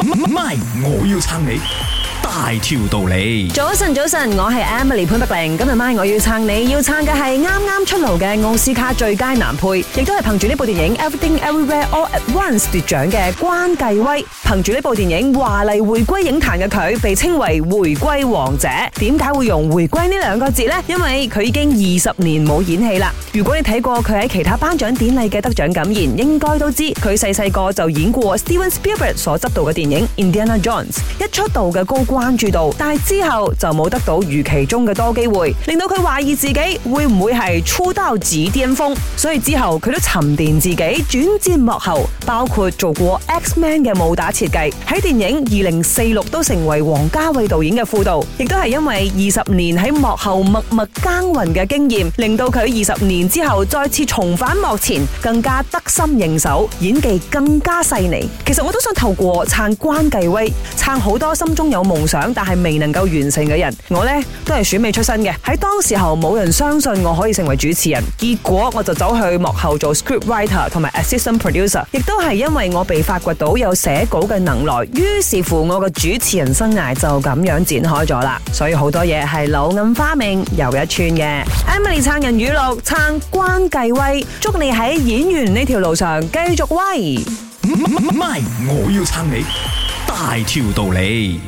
唔係，MY、我要撐你。大條道理。早晨，早晨，我係 Emily 潘德玲。Ling，今日晚我要撐你，要撐嘅係啱啱出爐嘅奧斯卡最佳男配，亦都係憑住呢部電影《Everything Everywhere All At Once》奪獎嘅關繼威。憑住呢部電影華麗回歸影壇嘅佢，被稱為回歸王者。點解會用回歸呢兩個字呢？因為佢已經二十年冇演戲啦。如果你睇過佢喺其他頒獎典禮嘅得獎感言，應該都知佢細細個就演過 Steven Spielberg 所執導嘅電影《Indiana Jones》。一出道嘅高光。關注到，但係之後就冇得到預期中嘅多機會，令到佢懷疑自己會唔會係出道即巔峰。所以之後佢都沉澱自己，轉戰幕後，包括做過 X-Men 嘅武打設計，喺電影《二零四六》都成為王家衛導演嘅副導。亦都係因為二十年喺幕後默默耕耘嘅經驗，令到佢二十年之後再次重返幕前，更加得心應手，演技更加細膩。其實我都想透過撐關繼威，撐好多心中有夢想。想但係未能夠完成嘅人，我呢都係選美出身嘅。喺當時候冇人相信我可以成為主持人，結果我就走去幕後做 scriptwriter 同埋 assistant producer，亦都係因為我被發掘到有寫稿嘅能耐。於是乎，我個主持人生涯就咁樣展開咗啦。所以好多嘢係柳暗花明又一村嘅。Emily 撐人語錄，撐關繼威，祝你喺演員呢條路上繼續威。唔係，我要撐你,大條道理。